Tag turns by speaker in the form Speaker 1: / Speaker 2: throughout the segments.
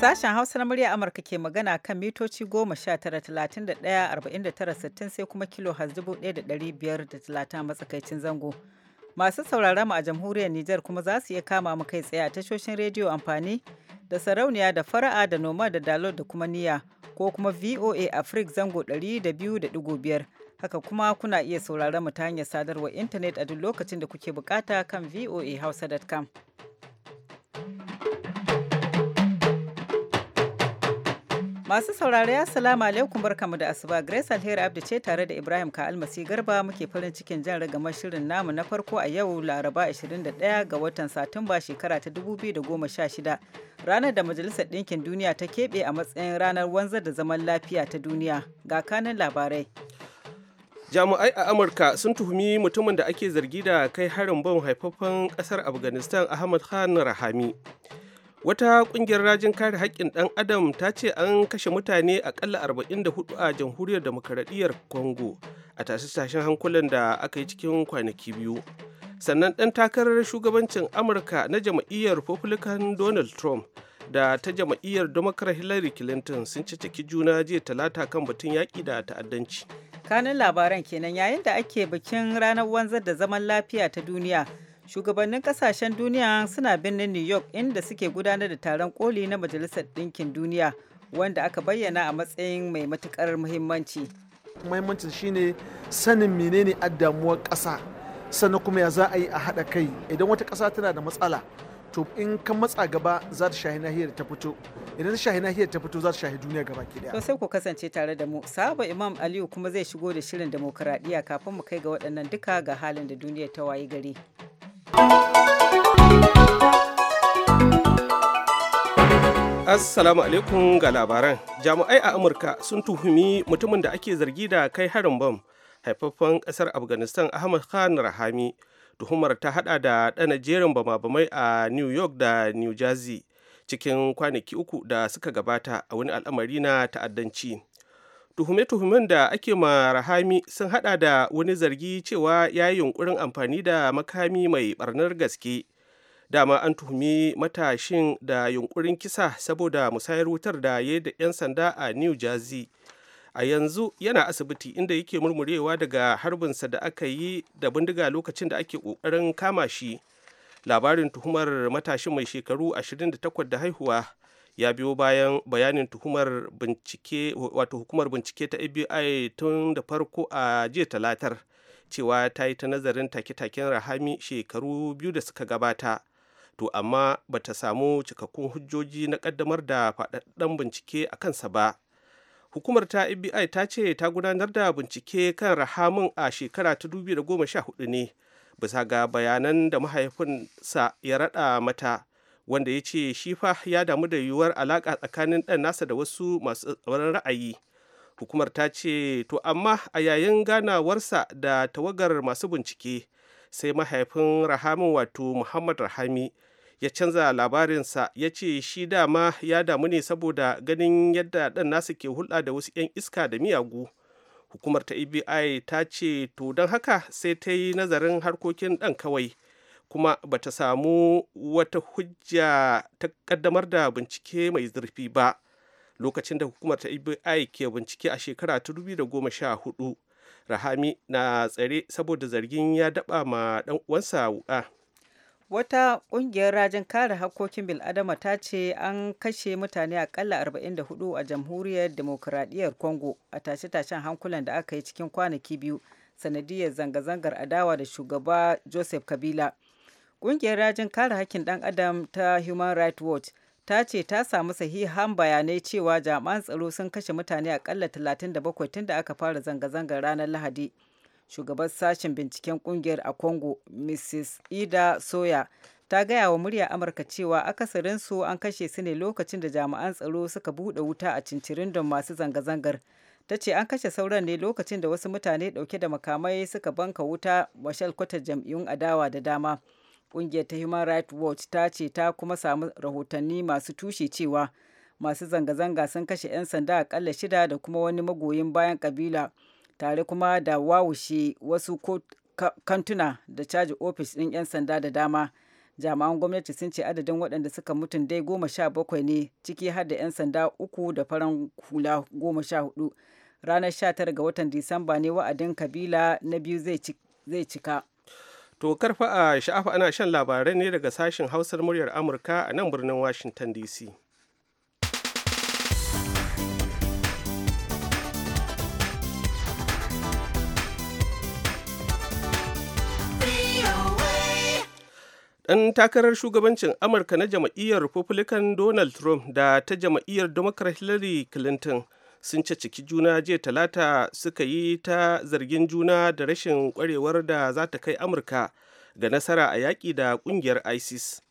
Speaker 1: Sashen Hausa na murya Amurka ke magana kan mitoci 19,31,49,60 sai kuma kilo a matsakaicin zango. Masu sauraron mu a jamhuriyar Nijar kuma za su iya kama mu kai tsaye a tashoshin rediyo amfani da sarauniya da fara'a da noma da dalo da kuma niya ko kuma VOA Africa zango 200.5 haka kuma kuna iya sauraron mu ta hanyar sadarwar intanet a duk lokacin da kuke bukata kan voahausa.com. Masu saurare Assalamu alaikum barkamu da asuba Grace Alheri Abdu ce tare da Ibrahim Ka Almasi Garba muke farin cikin jan ragamar shirin namu na farko a yau Laraba 21 ga watan Satumba shekara ta 2016 ranar da Majalisar Ɗinkin Duniya ta keɓe a matsayin ranar wanzar da zaman lafiya ta duniya ga kanan labarai.
Speaker 2: jami'ai a amurka sun tuhumi mutumin da ake zargi da kai harin bom haifaffen kasar afghanistan ahmad khan rahami wata kungiyar rajin kare haƙƙin ɗan adam ta ce an kashe mutane akalla 44 a jamhuriyar demokaradiyyar congo a tashe-tashen hankulan da aka yi cikin kwanaki biyu sannan ɗan takarar shugabancin amurka na jam'iyyar republican donald trump da ta jam'iyyar democrat hillary clinton sun ci ciki juna jiya talata kan batun yaƙi da ta'addanci
Speaker 1: kanun labaran kenan yayin da ake bikin ranar wanzar da zaman lafiya ta duniya Shugabannin kasashen duniya suna birnin New York inda suke gudanar da taron koli na Majalisar Ɗinkin Duniya wanda aka bayyana a matsayin mai matukar muhimmanci. Muhimmancin shine sanin menene addamuwar ƙasa
Speaker 3: sannan kuma ya za a yi a haɗa kai idan wata ƙasa tana da matsala to in ka matsa gaba za ta shahi nahiyar ta fito idan ta shahi nahiyar ta fito za ta shahi duniya gaba ki daya
Speaker 1: sai ku kasance tare da mu sahaba imam aliyu kuma zai shigo da shirin demokradiya kafin mu kai ga waɗannan duka ga halin da duniya ta wayi gari
Speaker 2: Assalamu alaikum ga labaran. Jami'ai a Amurka sun tuhumi mutumin da ake zargi da kai harin bom. haifaffen ƙasar Afghanistan Ahmad Khan Rahami. Tuhumar ta hada da ɗana jerin bama-bamai a New York da New Jersey cikin kwanaki uku da suka gabata a wani al'amari na ta'addanci. tuhume-tuhumen da ake ma rahami sun hada da wani zargi cewa ya yi yunkurin amfani da makami mai barnar gaske dama an tuhumi matashin da yunkurin kisa saboda musayar wutar da ya da 'yan sanda a new jersey a yanzu yana asibiti inda yake murmurewa daga harbinsa da aka yi da bindiga lokacin da ake kokarin kama shi labarin tuhumar matashin mai shekaru 28 da haihuwa ya biyo bayan bayanin tuhumar bincike wato hukumar bincike ta FBI tun da farko a jiya talatar cewa ta yi ta nazarin take-taken rahami shekaru biyu da suka gabata to amma bata samu cikakkun hujjoji na kaddamar da faɗaɗɗen bincike a kansa ba hukumar ta FBI ta ce ta gudanar da bincike kan rahamin a shekara ta 2014 ne bisa ga bayanan da mahaifinsa ya raɗa mata wanda ya ce shi fa ya damu da yiwuwar alaka tsakanin ɗan nasa da wasu masu tsaron ra'ayi hukumar ta ce to amma a yayin ganawarsa da tawagar masu bincike sai mahaifin rahamin wato muhammad rahami ya canza labarinsa ya ce shi dama ya damu ne saboda ganin yadda ɗan nasa ke hulɗa da wasu 'yan iska da miyagu hukumar ta ebi ta ce to don haka sai ta yi nazarin harkokin ɗan kawai kuma ba ta samu wata hujja ta kaddamar da bincike mai zurfi ba lokacin da hukumar ta FBI ke bincike a shekara ta 2014 rahami na tsare saboda zargin ya daba ma dan uwansa wuka
Speaker 1: wata ƙungiyar rajin kare hakkokin bil'adama ta ce an kashe mutane akalla 44 a jamhuriyar demokuraɗiyyar congo a tashe-tashen hankulan da aka yi cikin kwanaki biyu sanadiyar zanga-zangar adawa da shugaba joseph kabila Ƙungiyar rajin kare hakkin ɗan adam ta Human Rights Watch ta ce ta samu sahihan bayanai cewa jami'an tsaro sun kashe mutane akalla 37 tun da aka fara zanga-zangar ranar Lahadi. shugabar sashen binciken ƙungiyar a Congo, Mrs. Ida Soya, ta gaya wa murya Amurka cewa akasarinsu an kashe su ne lokacin da jami'an tsaro suka buɗe wuta a cincirindon masu zanga-zangar. ta ce an kashe sauran ne lokacin da wasu mutane ɗauke da makamai suka banka wuta mashalkwatar jam'iyyun adawa da dama Ƙungiyar ta Human Rights Watch ta ce ta kuma samu rahotanni masu tushe cewa masu zanga-zanga sun kashe 'yan sanda akalla shida da kuma wani magoyin bayan kabila tare kuma da wawushe wasu kantuna da caji ofis ɗin 'yan sanda da dama. jami'an gwamnati sun ce adadin waɗanda suka mutun dai goma sha bakwai ne ciki har da 'yan sanda uku da faran hula goma sha hudu ranar 19 ga watan disamba ne wa'adin kabila na biyu zai cika
Speaker 2: To karfa a sha'afa ana shan labarai ne daga sashen hausar muryar Amurka a nan birnin Washington DC. Ɗan takarar shugabancin Amurka na jam'iyyar Republican Donald Trump da ta jam'iyyar Democrat Hillary Clinton sun caciki juna jiya talata suka yi ta zargin juna da rashin kwarewar da za ta kai amurka ga nasara a yaƙi da ƙungiyar isis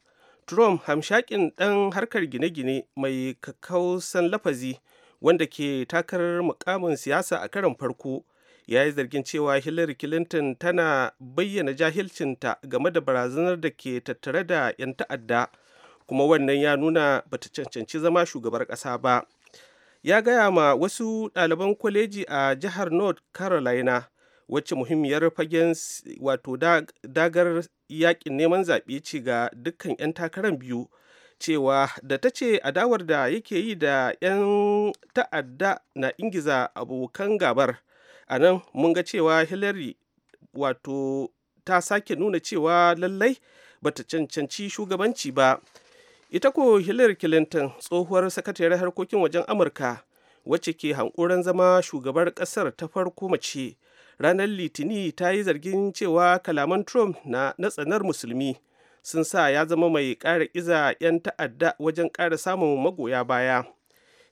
Speaker 2: trump hamshakin ɗan harkar gine-gine mai kakausan lafazi wanda ke takarar mukamin siyasa a karon farko ya yi zargin cewa hillary clinton tana bayyana jahilcinta game da barazanar da ke tattare da 'yan ta'adda kuma wannan ya nuna bata cancanci zama shugabar ƙasa ba ya gaya ma wasu ɗaliban kwaleji a jihar north carolina wacce muhimmiyar fagen wato dagar yakin neman zaɓe ce ga dukkan 'yan takarar biyu cewa da ta ce adawar da yake yi da 'yan ta'adda na ingiza abokan gabar a nan mun ga cewa hillary wato ta sake nuna cewa lallai bata cancanci shugabanci ba ita ko hillary clinton tsohuwar sakatare harkokin wajen amurka wacce ke hankuran zama shugabar kasar ta farko mace ranar litini ta yi zargin cewa kalaman trump na natsanar musulmi sun sa ya zama mai ƙara iza 'yan ta'adda wajen ƙara samun magoya baya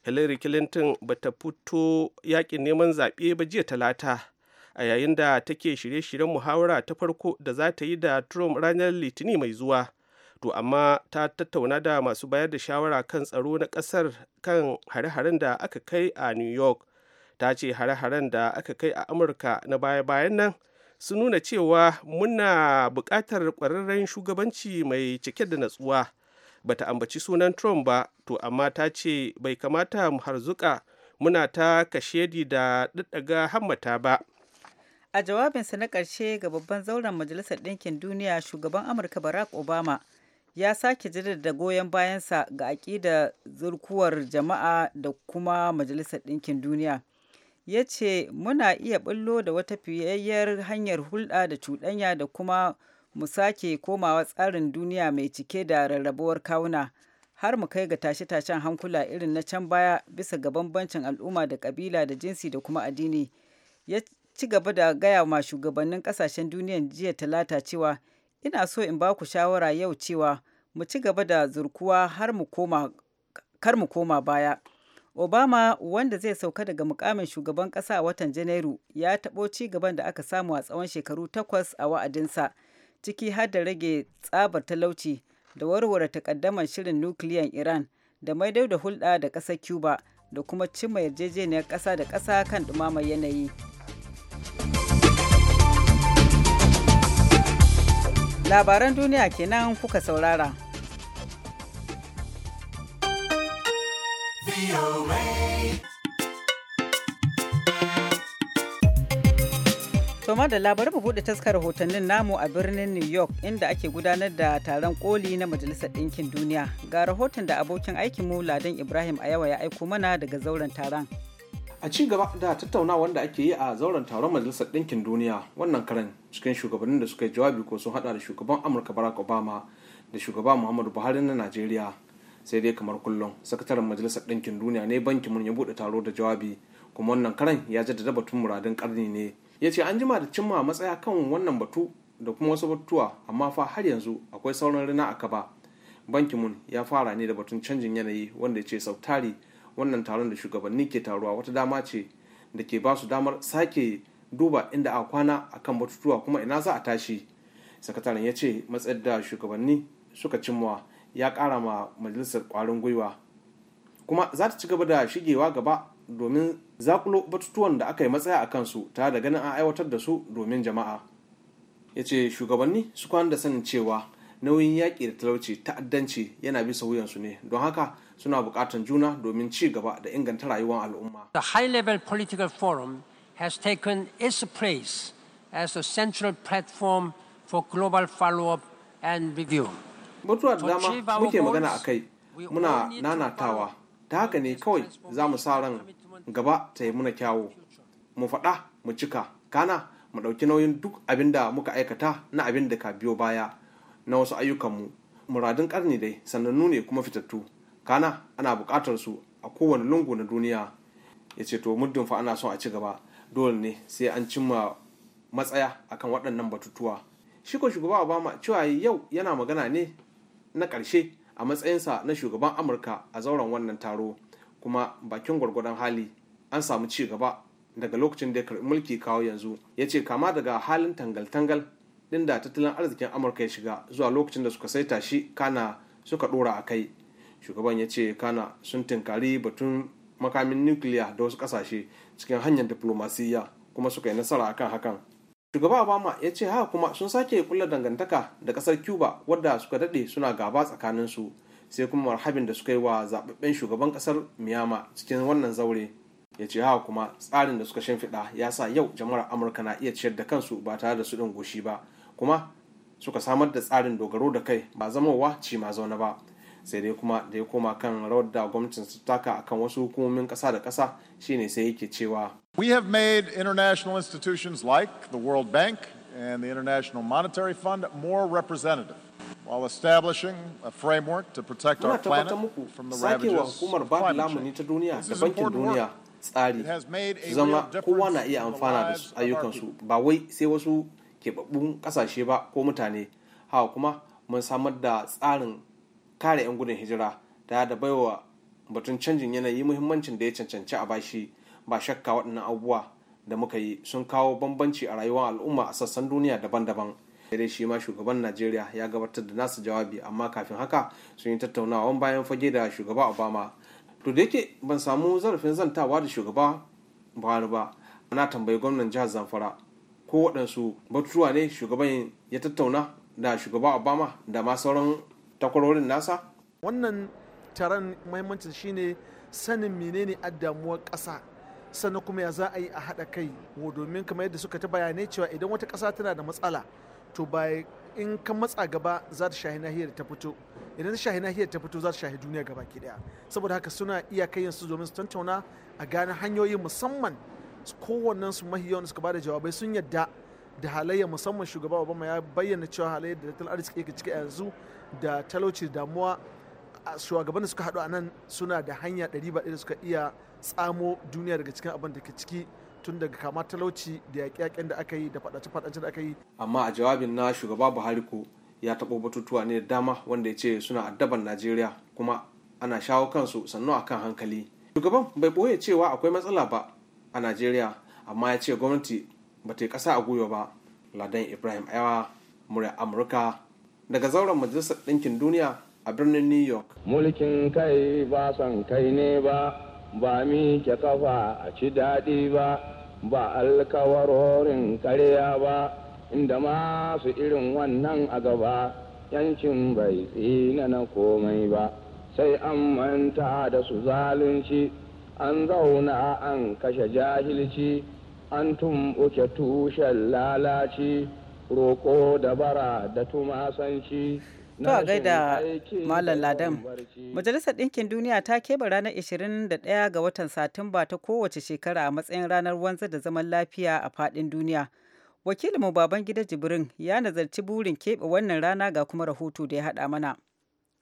Speaker 2: hillary clinton ba ta fito yakin neman zaɓe ba jiya talata a yayin da take shirye-shiryen muhawara ta farko da za ta yi da trump ranar litini mai zuwa to amma ta tattauna da masu bayar da shawara kan tsaro na kasar kan hare-haren da aka kai a new york ta ce hare-haren da aka kai a amurka na baya-bayan nan su nuna cewa muna buƙatar ƙwararren shugabanci mai cike da natsuwa ba ta ambaci sunan trump ba to amma ta ce bai kamata mu harzuka muna ta kashedi da ɗaɗɗaga hammata ba
Speaker 1: a jawabinsa na ƙarshe ga babban zauren majalisar ɗinkin duniya shugaban amurka barack obama ya sake jaddada goyon bayansa ga aƙida zurkuwar jama'a da kuma majalisar ɗinkin duniya ya ce muna iya ɓullo da wata fiyayyar hanyar hulɗa da cuɗanya da kuma mu sake komawa tsarin duniya mai cike da rarrabuwar kawuna har mu kai ga tashe-tashen hankula irin na can baya bisa ga bambancin al'umma da ƙabila da jinsi da kuma addini ya ci gaba da gaya ma shugabannin ƙasashen duniya jiya talata cewa ina so in ba ku shawara yau cewa mu ci gaba da zurkuwa har mu koma baya. Obama wanda zai sauka daga mukamin shugaban kasa a watan Janairu ya taɓo ci gaban da aka samu a tsawon shekaru takwas a wa'adinsa, ciki har da rage tsabar talauci da warware takaddamar shirin nukiliyan Iran da maidau da hulɗa da ƙasar Cuba da kuma cimma yarjejeniyar ƙasa da ƙasa kan ɗumamar yanayi. labaran duniya kenan kuka saurara Toma da labarin mu buɗe taskar rahotannin namu a birnin New York inda ake gudanar da taron koli na Majalisar Ɗinkin Duniya. Ga rahoton da abokin aikinmu Ladan Ibrahim a yawa ya aiko mana daga zauren taron. a ci gaba
Speaker 4: da tattaunawa wanda ake yi a zauren taron majalisar ɗinkin duniya wannan karan cikin shugabannin da suka yi jawabi ko sun hada da shugaban amurka barack obama da shugaban muhammadu buhari na najeriya sai dai kamar kullum sakataren majalisar ɗinkin duniya ne banki mun ya buɗe taro da jawabi kuma wannan karan ya jaddada batun muradin karni ne ya ce an jima da cimma matsaya kan wannan batu da kuma wasu batuwa amma fa har yanzu akwai sauran rina a kaba banki mun ya fara ne da batun canjin yanayi wanda ya ce sautari wannan taron da shugabanni ke taruwa wata dama ce da ke ba su damar sake duba inda a kwana a kan batutuwa kuma ina za a tashi sakataren ya ce matsayar da shugabanni suka cimma ya kara ma majalisar kwarin gwiwa kuma za ta ci gaba da shigewa gaba domin zakulo batutuwan da aka yi matsaya a kansu tare da ganin an aiwatar da su domin jama'a ya ce shugabanni su kwana da sanin cewa nauyin yaƙi da talauci ta'addanci yana bisa wuyansu ne don haka suna bukatan juna domin ci gaba da inganta rayuwar al'umma.
Speaker 5: The high-level political forum has taken its place as a central platform for global follow-up and review. Mutuwa da dama muke magana a kai muna
Speaker 4: nanatawa ta haka ne kawai za mu sa ran gaba ta yi muna kyawu mu faɗa mu cika kana mu ɗauki nauyin duk abin da muka aikata na abin da ka biyo baya na wasu ayyukanmu muradin ƙarni dai sanannu ne kuma fitattu kana ana buƙatar su a kowane lungu na duniya ya ce to muddin fa ana son a ci gaba dole ne sai an cimma matsaya akan waɗannan batutuwa shi ko shugaba obama cewa yau yana magana ne na ƙarshe a matsayinsa na shugaban amurka a zauren wannan taro kuma bakin gwargwadon hali an samu ci gaba daga lokacin da ya karɓi mulki kawo yanzu ya ce kama daga halin tangal-tangal din da tattalin arzikin amurka ya shiga zuwa lokacin da suka saita shi kana suka ɗora a kai shugaban ya ce kana sun tinkari batun makamin nukiliya da wasu kasashe cikin hanyar diflomasiyya kuma suka yi nasara akan hakan shugaba obama ya ce haka kuma sun sake kula dangantaka da kasar cuba wadda suka dade suna gaba tsakanin su sai kuma marhabin da suka yi wa zaɓaɓɓen shugaban kasar miyama cikin wannan zaure ya ce haka kuma tsarin da suka shimfiɗa ya sa yau jama'ar amurka na iya ciyar da kansu ba tare da su ɗin goshi ba kuma suka samar da tsarin dogaro da kai ba zama wa ci ma zaune ba sai dai kuma da ya koma kan rawar da gwamnatin su taka akan wasu hukumomin kasa da kasa shine sai yake cewa
Speaker 3: we have made international institutions like the world bank and the international monetary fund more representative while establishing a framework to protect our planet from the ravages of climate change. This is important work. tsari zama kowa na iya amfana da ayyukansu
Speaker 4: ba wai sai wasu keɓaɓɓun ƙasashe ba ko mutane hawa kuma mun samar da tsarin kare 'yan gudun hijira ta da baiwa batun canjin yanayi muhimmancin da ya cancanci a bashi ba shakka waɗannan abubuwa da muka yi sun kawo bambanci a rayuwar al'umma a sassan duniya daban-daban dai shi ma shugaban najeriya ya gabatar da nasu jawabi amma kafin haka sun yi tattaunawa bayan fage da shugaba obama to da yake ban samu zarafin zantawa da shugaba buhari ba ana tambayi gwamnan jihar zamfara ko waɗansu batutuwa ne shugaban ya tattauna da shugaba obama da ma sauran takwarorin nasa wannan
Speaker 3: taron mahimmancin shine sanin menene damuwar ƙasa sannan kuma ya za a yi a haɗa kai domin kamar yadda suka ta bayanai cewa idan wata ƙasa tana da matsala to ba in ka matsa gaba za ta shahi nahiyar ta fito idan ta shahi nahiyar ta fito za ta shahi duniya gaba ki daya saboda haka suna iya kai yansu domin su tantauna a gane hanyoyi musamman kowannen su mahiyawan suka bada jawabai sun yadda da halayya musamman shugaba obama ya bayyana cewa halayyar da tattalin arziki ke ciki a yanzu da talauci damuwa da suka haɗu a nan suna da hanya ɗari da suka iya tsamo duniya daga cikin abin da ke ciki tun daga kama talauci da yaƙe-yaƙen da aka yi da faɗace-faɗace da aka yi.
Speaker 4: Amma a jawabin na shugaba Buhari ko ya taɓo batutuwa ne da dama wanda ya ce suna addaban Najeriya kuma ana shawo kansu sannu a kan hankali. Shugaban bai ɓoye cewa akwai matsala ba a Najeriya amma ya ce gwamnati ba ta yi ƙasa a gwiwa ba. Ladan Ibrahim Aiwa, murya Amurka daga zauren majalisar ɗinkin duniya a birnin new york
Speaker 2: mulkin
Speaker 6: kai ba son kai ne ba ba mi ke kafa a ci daɗi ba ba alkawarorin karya ba inda masu irin wannan a gaba yancin bai tsina na komai ba sai an manta da su zalunci an zauna an kashe jahilci an tumɓuke tushen lalaci roƙo da bara da
Speaker 1: tumasanci To a gaida Malam Ladan. Majalisar Ɗinkin Duniya ta keɓe ranar 21 ga watan Satumba ta kowace shekara a matsayin ranar wanzar da zaman lafiya a faɗin duniya. Wakilinmu Babangida Jibrin ya nazarci burin keɓe wannan rana ga kuma rahoto da ya haɗa mana.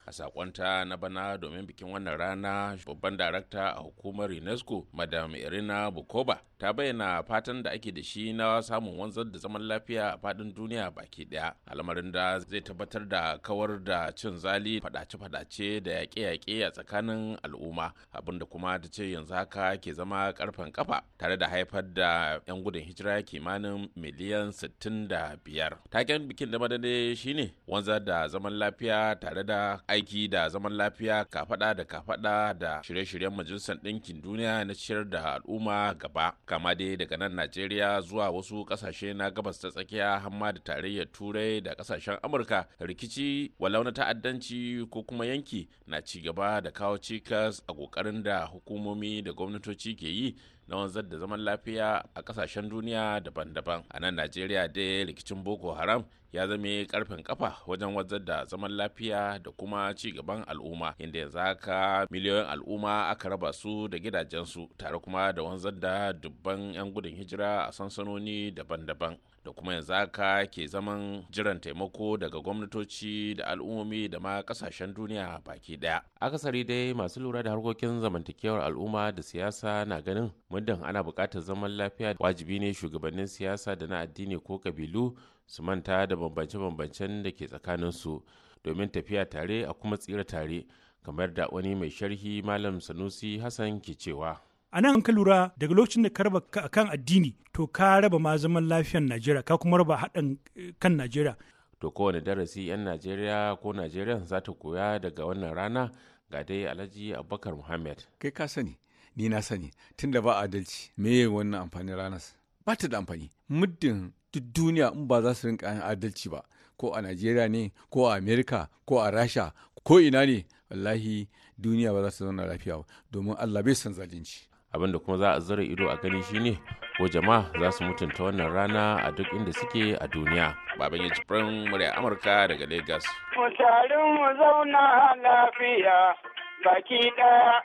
Speaker 6: a sakonta na bana domin bikin wannan rana babban darakta a hukumar unesco madam irina bukoba ta bayyana fatan da ake da shi na samun wanzar da zaman lafiya a fadin duniya baki daya al'amarin da zai tabbatar da kawar da cin zali fadace-fadace da yaƙe-yaƙe a tsakanin al'umma abinda kuma ta ce yanzu haka ke zama karfen kafa tare da haifar da 'yan gudun hijira kimanin miliyan sittin da biyar. taken bikin da madadai shine wanzar da zaman lafiya tare da aiki da zaman lafiya kafada da kafada da shirye-shiryen majalisar ɗinkin duniya na ciyar da al'umma gaba kama dai daga nan najeriya zuwa wasu ƙasashe na gabas ta tsakiya hamma da tarayyar turai da ƙasashen amurka rikici walau na ta'addanci ko kuma yanki na ci gaba da kawo cikas a ƙoƙarin da hukumomi da gwamnatoci ke yi na wanzar da zaman lafiya a kasashen duniya daban-daban a nan najeriya dai rikicin boko haram ya zame karfin kafa wajen wajar da zaman lafiya da kuma ci gaban al'umma inda yanzu haka miliyoyin al'umma aka raba su da gidajensu tare kuma da wanzar da dubban 'yan gudun hijira a sansanoni daban-daban da kuma yanzu haka ke zaman jiran taimako daga gwamnatoci da al'ummomi da ma kasashen duniya baki daya akasari dai masu lura da harkokin zamantakewar al'umma da siyasa na ganin muddin ana buƙatar zaman lafiya wajibi ne shugabannin siyasa da na addini ko kabilu su manta da bambance-bambancen da ke tsakaninsu domin tafiya tare a kuma tsira tare kamar da wani mai sharhi malam sanusi hassan ke cewa
Speaker 7: a nan ka lura daga lokacin da ka raba kan addini to ka raba ma zaman lafiyar najeriya ka kuma raba haɗin eh, kan najeriya
Speaker 6: to kowane darasi 'yan najeriya ko najeriya za ta koya daga wannan rana ga dai alhaji abubakar muhammad kai ka sani ni na sani tun da ba adalci me wannan amfani ranar ba ta da amfani muddin duk duniya in ba za su rinka adalci ba ko a najeriya ne ko a amerika ko a rasha ko ina ne wallahi duniya ba za su zauna lafiya ba domin allah bai san zalunci abinda kuma za a zura ido a gani shine ko jama'a za su mutunta wannan rana a duk inda suke a duniya baban ya jibrin
Speaker 1: murya amurka daga lagos
Speaker 5: mu zauna lafiya baki daya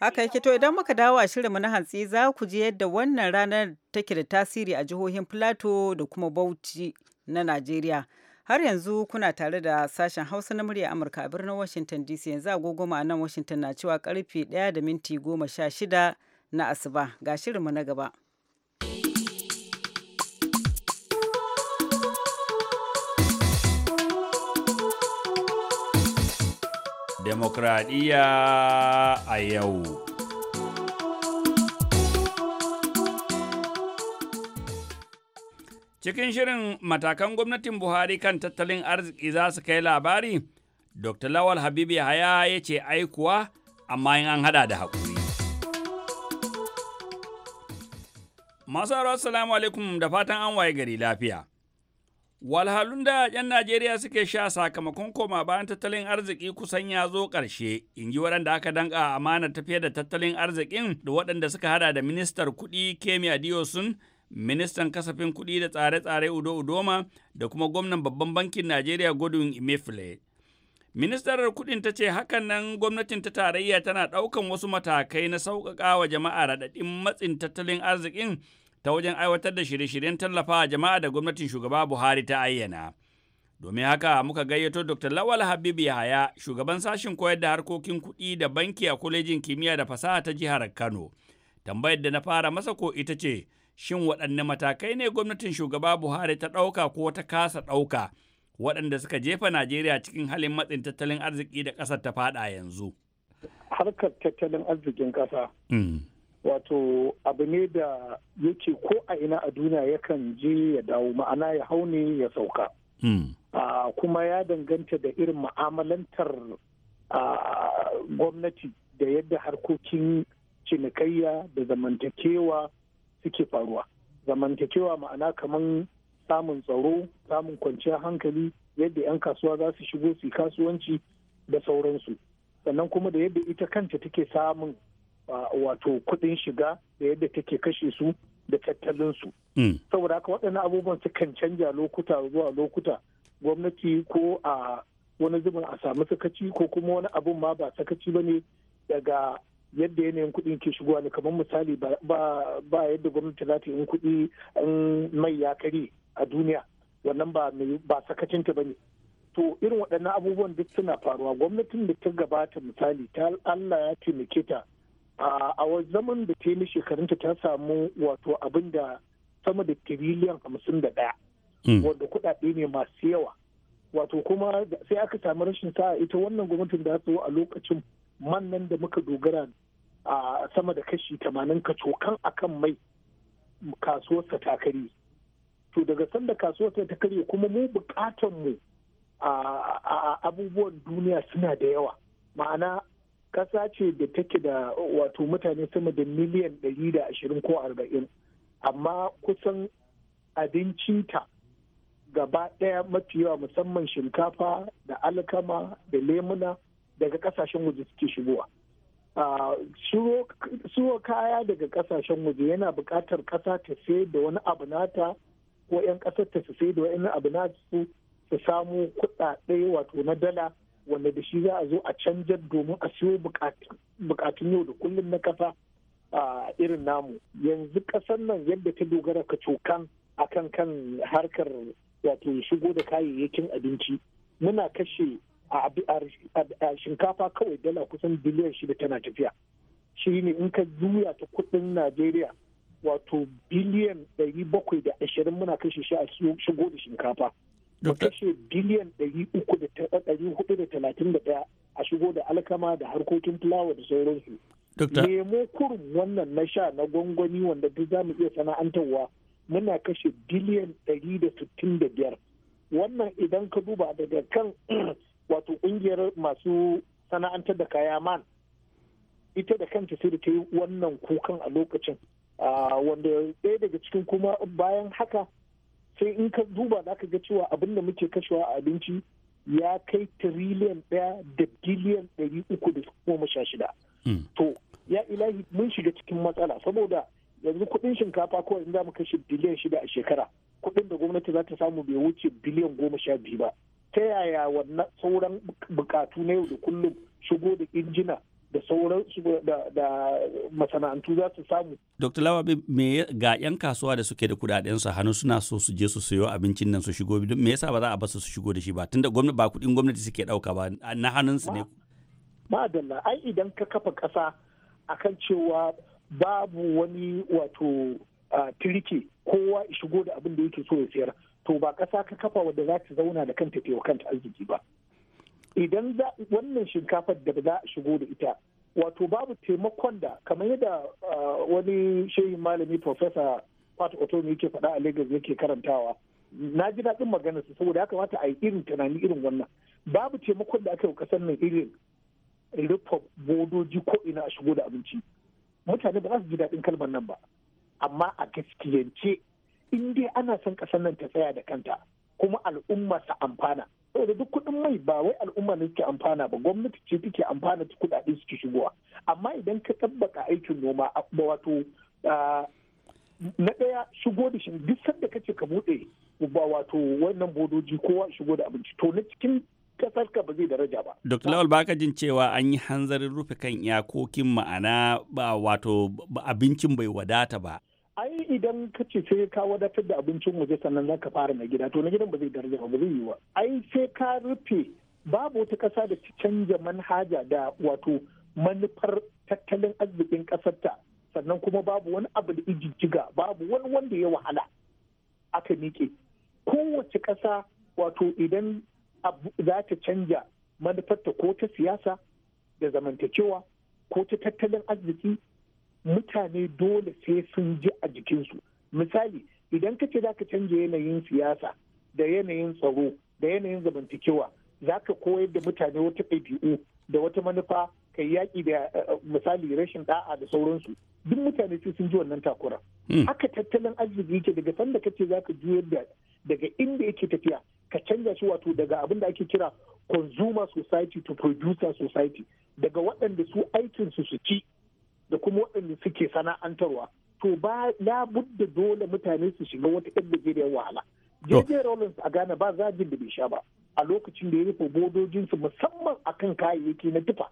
Speaker 1: haka yake to idan muka dawo a shirinmu na hantsi za ku ji yadda wannan ranar take da tasiri a jihohin plateau da kuma bauchi na najeriya Har yanzu kuna tare da sashen Hausa na murya Amurka a birnin Washington DC yanzu agogo a nan Washington na cewa karfe 1 da minti 16 na asuba ga shirinmu na gaba.
Speaker 7: Demokradiyya a yau. Cikin shirin matakan gwamnatin Buhari kan tattalin arziki za su kai labari, Dr. Lawal Habibu Haya ya ce aikuwa amma in an hada da haƙuri. Masu haro assalamu alaikum da fatan an waye gari lafiya. Walhalun da 'yan Najeriya suke sha sakamakon koma bayan tattalin arziki kusan ya zo ƙarshe, in ji waɗanda aka danƙa amanar tafiya da tattalin arzikin da waɗanda suka hada da ministar kuɗi Kemi Adeosun ministan kasafin kuɗi da tsare-tsare Udo Udoma da kuma gwamnan babban bankin Najeriya Godwin Emefiele. Ministar kuɗin ta ce hakan nan gwamnatin ta tarayya tana ɗaukan wasu matakai na sauƙaƙa jama'a raɗaɗin matsin tattalin arzikin ta wajen aiwatar da shirye-shiryen tallafawa jama'a da gwamnatin shugaba Buhari ta ayyana. Domin haka muka gayyato Dr. Lawal Habibu Yahaya, shugaban sashen koyar da harkokin kuɗi da banki a kwalejin kimiyya da fasaha ta jihar Kano. Tambayar da na fara masa ko ita ce, shin waɗanne matakai ne gwamnatin shugaba Buhari ta ɗauka ko ta kasa ɗauka waɗanda suka jefa Najeriya cikin halin matsin tattalin arziki da ƙasar ta faɗa yanzu?
Speaker 5: Harkar tattalin arzikin ƙasa. Hmm. Wato abu ne da yake ko a ina a duniya yakan je ya dawo ma'ana ya hau ne ya sauka. Hmm. Kuma ya danganta da irin ma'amalantar gwamnati da yadda harkokin cinikayya da zamantakewa suke faruwa zamantakewa ma'ana kamar samun tsaro samun kwanciyar hankali yadda 'yan kasuwa za su shigo su kasuwanci da sauransu sannan kuma da yadda ita kanta take samun wato kudin shiga da yadda take kashe su da tattalinsu hmm. saboda haka waɗannan abubuwan sukan canja lokuta zuwa lokuta gwamnati ko a wani zubin a samu sakaci ko kuma wani abun ma ba sakaci ba ne daga yadda yanayin kuɗin ke shigowa ne kamar misali ba yadda gwamnati za ta yi kuɗi in mai ya kare a duniya wannan ba sakacinta ba ne to irin waɗannan abubuwan duk suna faruwa gwamnatin da ta gabata misali ta allah ya taimake ta a zaman da ta yi shekarunta ta samu wato abin da sama da tiriliyan hamsin da ɗaya hmm. wanda kuɗaɗe ne masu yawa wato kuma sai aka sami rashin sa'a ita wannan gwamnatin da ta zo a lokacin man nan da muka dogara a sama da kashi tamanin kacokan kan mai kasuwarsa ta karye to daga sanda kasuwarsa ta karye kuma mu bukatan mu a abubuwan duniya suna da yawa ma'ana ƙasa ce da take da wato mutane sama da miliyan ɗari da ashirin ko arba'in amma kusan ta gaba ɗaya mafi yawa musamman shinkafa da alkama da lemuna daga kasashen waje suke shigowa suwo kaya daga kasashen waje yana buƙatar ƙasa ta sai da wani abu nata ko 'yan ƙasar ta sai da wani abu na su samu kuɗaɗe wato na dala wanda da shi za a zo a canjar domin a siyo buƙatun yau da kullum na ƙasa a irin namu yanzu ƙasar nan yadda ta dogara ka cokan akan kan harkar wato shigo da kayayyakin abinci muna kashe a shinkafa kawai dala kusan biliyan shida tana tafiya shi ne in ka juya ta kudin najeriya wato biliyan ɗari bakwai da ashirin muna kashe shi a shigo da shinkafa mu kashe biliyan ɗari uku da ɗari hudu da talatin da ɗaya a shigo da alkama da harkokin fulawa da sauransu nemo kurum wannan na sha na gwangwani wanda duk za mu iya sana'antarwa muna kashe biliyan ɗari da sittin da biyar wannan idan ka duba daga kan wato ƙungiyar masu sana'antar da kaya man ita da kanta sai da ta yi wannan kukan a lokacin ah, wanda ɗaya daga cikin kuma bayan haka sai in ka duba za ka ga cewa abin da muke kashewa a abinci ya kai tiriliyan ɗaya da biliyan ɗari uku da goma sha shida. Hmm. To, ya ilahi mun shiga cikin matsala saboda yanzu kuɗin shinkafa kawai in za mu kashe biliyan shida a shekara kuɗin da gwamnati za ta samu bai wuce biliyan goma sha biyu ba. ta yaya wannan sauran bukatu na yau da kullum shigo da injina da sauran da masana'antu za su samu.
Speaker 7: Dr. Lawabi me ga 'yan kasuwa da suke da kudaden su hannu suna so su je su sayo abincin nan su shigo don me yasa ba za a basu su shigo da shi ba tunda gwamnati ba kudin gwamnati suke dauka ba na hannun su ne.
Speaker 5: Ba da ai idan ka kafa kasa akan cewa babu wani wato tirike kowa shigo da abin da yake so ya sayar to ba ƙasa ka kafa wadda za ta zauna da kanta ke kanta arziki ba idan za wannan shinkafar da za a shigo da ita wato babu taimakon da kamar yadda wani shehin malami profesa Fat Otomi yake faɗa a Lagos yake karantawa na ji daɗin maganar su saboda ya kamata a yi irin tunani irin wannan babu taimakon da aka yi ƙasar nan irin rufe bodoji ko ina a shigo da abinci mutane ba za su ji daɗin kalmar nan ba amma a gaskiyance in dai ana son ƙasar nan ta tsaya da kanta kuma al'umma ta amfana saboda duk kuɗin mai ba wai al'umma ne suke amfana ba gwamnati ce take amfana ta kuɗaɗe suke shigowa amma idan ka tabbaka aikin noma ba wato na ɗaya shigo da shi duk sanda kace ka buɗe ba wato wannan bodoji kowa shigo da abinci to na cikin kasarka ba zai daraja ba.
Speaker 7: Dr. Lawal baka jin cewa an yi hanzarin rufe kan iyakokin ma'ana ba wato abincin bai wadata ba.
Speaker 5: ai idan ka ce sai ka wadatar da abincin waje sannan za ka fara na gida to na gidan ba zai daraja ba zai yi wa ai sai ka rufe babu wata ƙasa da ta canja manhaja da wato manufar tattalin arzikin ƙasarta sannan kuma babu wani abu da ijijjiga babu wani wanda ya wahala aka miƙe kowace ƙasa wato idan za ta canja manufarta ko ta siyasa da zamantakewa ko ta tattalin arziki mutane dole sai sun ji a jikinsu misali idan ka ce za ka canza yanayin siyasa da yanayin tsaro da yanayin zamantakewa za ka koyar da mutane wata ɗabi'u da wata manufa ka yaƙi da eh, eh, misali rashin ɗa'a da sauransu duk mutane sai sun ji wannan takura hmm. haka tattalin arziki yake daga sanda kace za ka juyar da daga inda yake tafiya ka canza shi wato daga abin da ake kira consumer society to producer society daga waɗanda su aikinsu su ci da kuma waɗanda suke sana'antarwa to ba labudda dole mutane su shiga wata yan gajeriyar wahala jirgin rollins a ghana ba zagin da bai sha ba a lokacin da ya rufe bodojinsu musamman a kan kayayyaki na tufa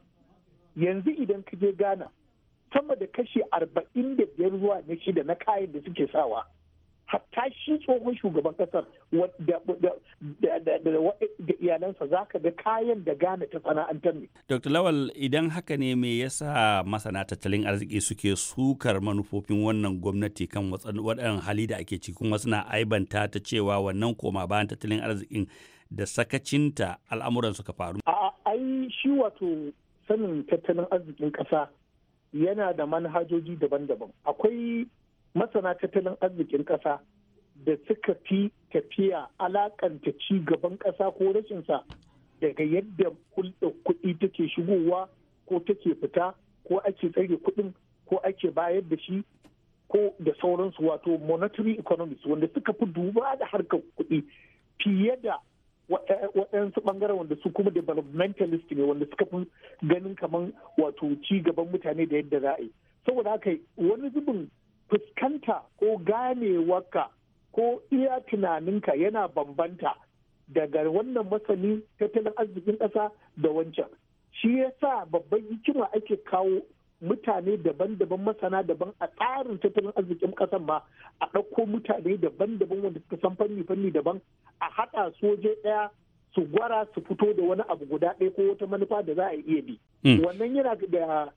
Speaker 5: yanzu idan ka je ghana sama da kashi arba'in da biyar zuwa na shida na kayan da suke sawa hatta shi tsohon shugaban kasar da iyalansa za ka ga kayan da gane ta sana'antar ne.
Speaker 7: Dr. Lawal idan haka ne me yasa masana tattalin arziki suke sukar manufofin wannan gwamnati kan waɗannan hali da ake ciki wasu na aibanta ta cewa wannan koma bayan tattalin arzikin da sakacinta al'amuran suka faru. A
Speaker 5: ai shi wato sanin tattalin arzikin ƙasa yana da manhajoji daban-daban. Akwai masana tattalin arzikin ƙasa da suka fi tafiya alakanta ci gaban ƙasa ko rashinsa daga yadda hulɗar kuɗi take shigowa ko take fita ko ake tsare kuɗin ko ake bayar da shi ko da sauransu wato monetary economics wanda suka fi duba da harkar kuɗi fiye da waɗansu ɓangaren wanda su kuma developmentalist ne wanda suka fi ganin kamar wato ci gaban mutane da yadda za'a yi saboda haka wani zubin fuskanta ko ganewarka ko iya tunaninka yana bambanta daga wannan masani tattalin arzikin ƙasa da wancan shi yasa babban hikima ake kawo mutane daban-daban masana daban a tsarin tattalin arzikin ƙasan ma a ɗauko mutane daban-daban wanda suka san fanni-fanni daban a haɗa soje ɗaya su gwara su fito da wani abu guda ɗaya ko wata manufa da za a iya bi hmm. wannan yana da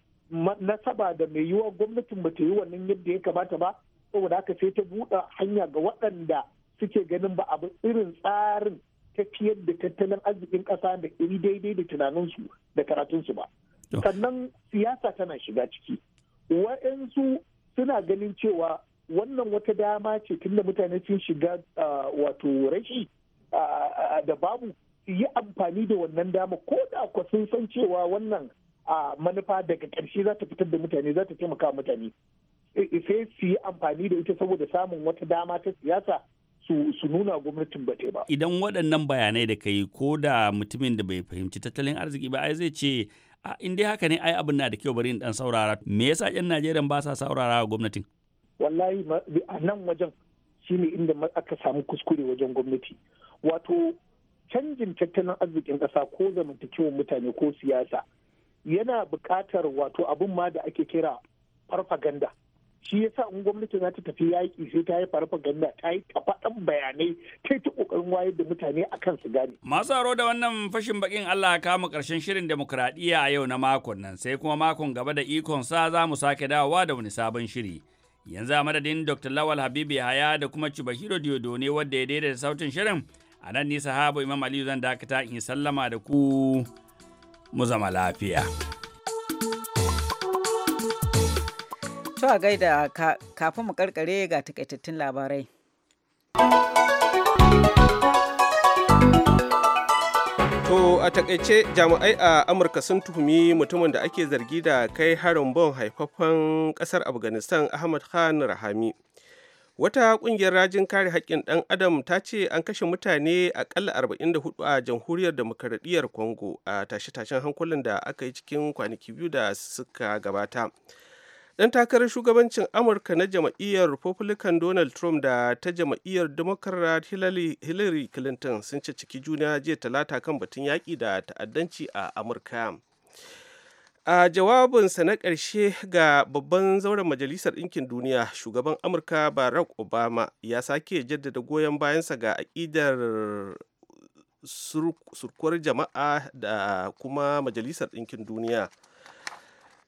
Speaker 5: nasaba da mai yiwuwa gwamnatin ba ta yi wannan yadda ya kamata ba saboda haka sai ta buɗe hanya ga waɗanda suke ganin ba abu irin tsarin tafiyar da tattalin arzikin ƙasa da iri daidai da tunaninsu da karatunsu ba sannan siyasa tana shiga ciki wa'yansu suna ganin cewa wannan wata dama ce tun da mutane sun shiga wato rashi da babu su yi amfani da wannan dama ko da sun san cewa wannan a manufa daga ƙarshe za ta fitar da mutane za ta taimaka mutane e, e, sai su yi amfani da ita saboda samun wata dama ta siyasa su nuna gwamnatin ba
Speaker 7: ba. Idan waɗannan bayanai da ka yi ko da mutumin da bai fahimci tattalin arziki ba ai zai ce a in dai haka ne ai abin na da kyau bari in dan saurara me yasa ƴan Najeriya ba sa saurara wa gwamnatin?
Speaker 5: Wallahi a nan wajen shine inda aka samu kuskure wajen gwamnati. Wato canjin tattalin arzikin ƙasa ko zamantakewar mutane ko siyasa yana buƙatar wato abin ma da ake kira farfaganda shi yasa in gwamnati za ta tafi yaƙi sai ta yi farfaganda ta yi kafaɗan bayanai ta yi ta ƙoƙarin wayar da mutane a kan su
Speaker 7: masu aro da wannan fashin bakin Allah kama ƙarshen shirin demokuraɗiyya a yau na makon nan sai kuma makon gaba da ikon sa za mu sake dawowa da wani sabon shiri. yanzu a madadin dr lawal habibu haya da kuma cibahiro diodo ne wadda ya daidaita sautin shirin a nan nisa habu imam aliyu zan dakata in yi sallama da ku mu zama lafiya.
Speaker 1: To a gaida kafin mu karkare ga takaitattun labarai.
Speaker 2: To a takaice jami'ai a Amurka sun tuhumi mutumin da ake zargi da kai harin bon haifafen kasar Afghanistan Ahmad Khan Rahami. wata kungiyar rajin kare haƙƙin ɗan adam ta ce an kashe mutane aƙalla 44 a jamhuriyar demokaradiyyar congo a tashe-tashen hankulan da aka yi cikin kwanaki biyu da suka gabata ɗan takarar shugabancin amurka na jam'iyyar republican donald trump da ta jam'iyyar democrat hillary clinton sun ce ciki juna jiya talata kan batun yaƙi da ta'addanci a amurka a jawabinsa na ƙarshe ga babban zauren majalisar ɗinkin duniya shugaban amurka barack obama ya sake jaddada goyon bayansa ga aƙidar surkuwar jama'a da kuma majalisar ɗinkin duniya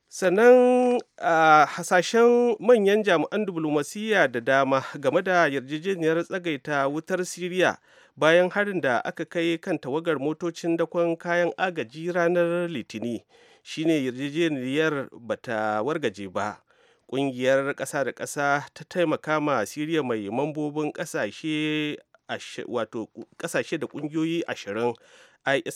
Speaker 2: sannan a hasashen manyan jami'an diflomasiyya da dama game da yarjejeniyar tsagaita wutar siriya bayan harin da aka kai kan tawagar motocin dakon kayan agaji ranar litini. shine yarjejeniyar ba ta wargaje ba ƙungiyar ƙasa da ƙasa ta taimaka ma siriya mai mambobin ƙasashe da ƙungiyoyi ashirin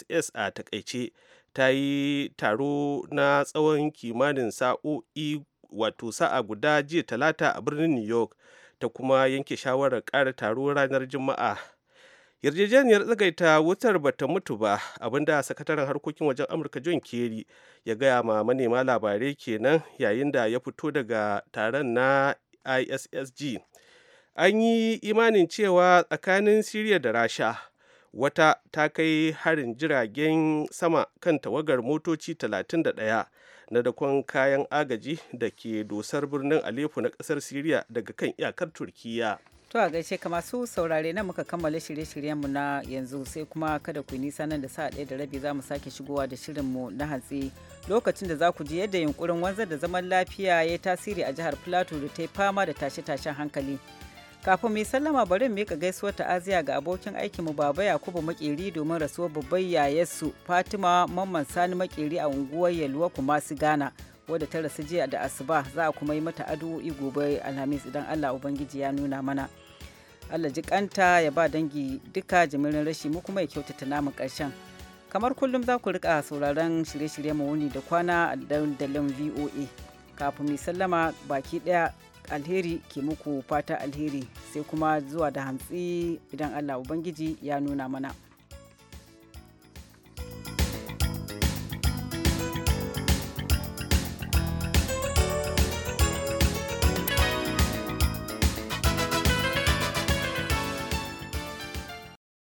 Speaker 2: iss a takaice ta yi taro na tsawon kimanin sa'o'i wato sa'a guda jiya talata a birnin new york ta kuma yanke shawarar ƙara taro ranar juma'a yarjejeniyar tsagaita wutar bata mutu ba abinda sakataren harkokin wajen amurka john kerry ya gaya ma manema labarai kenan yayin da ya fito daga taron na issg an yi imanin cewa tsakanin syria da rasha wata ta kai harin jiragen sama kan tawagar motoci 31 na dakon kayan agaji da ke dosar birnin aleppo na kasar syria daga kan iyakar turkiyya
Speaker 1: To a gaishe ka masu saurare na muka kammala shirye-shiryenmu na yanzu sai kuma kada ku yi nisa nan da sa'a ɗaya da rabi za mu sake shigowa da shirinmu na hantsi lokacin da za ku ji yadda yunkurin wanzar da zaman lafiya ya tasiri a jihar Plateau da ta yi fama da tashe-tashen hankali. Kafin mu sallama bari mu ka gaisuwar ta'aziya ga abokin aikin mu Baba Yakubu Makeri domin rasuwar babbar yayarsu Fatima Mamman Sani Makeri a unguwar Yalwa Kumasi Ghana. wadda ta rasu jiya da asuba za a kuma yi mata addu'o'i gobe alhamis idan allah ubangiji ya nuna mana allah jikanta ya ba dangi duka jimirin rashi mu kuma ya kyautata namu karshen kamar kullum za ku rika sauraron shirye-shirye mu wuni da kwana a dandalin voa kafin mai sallama baki daya alheri ke muku fata alheri sai kuma zuwa da hantsi idan allah ubangiji ya nuna mana